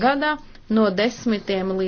gadā no desmitiem līdz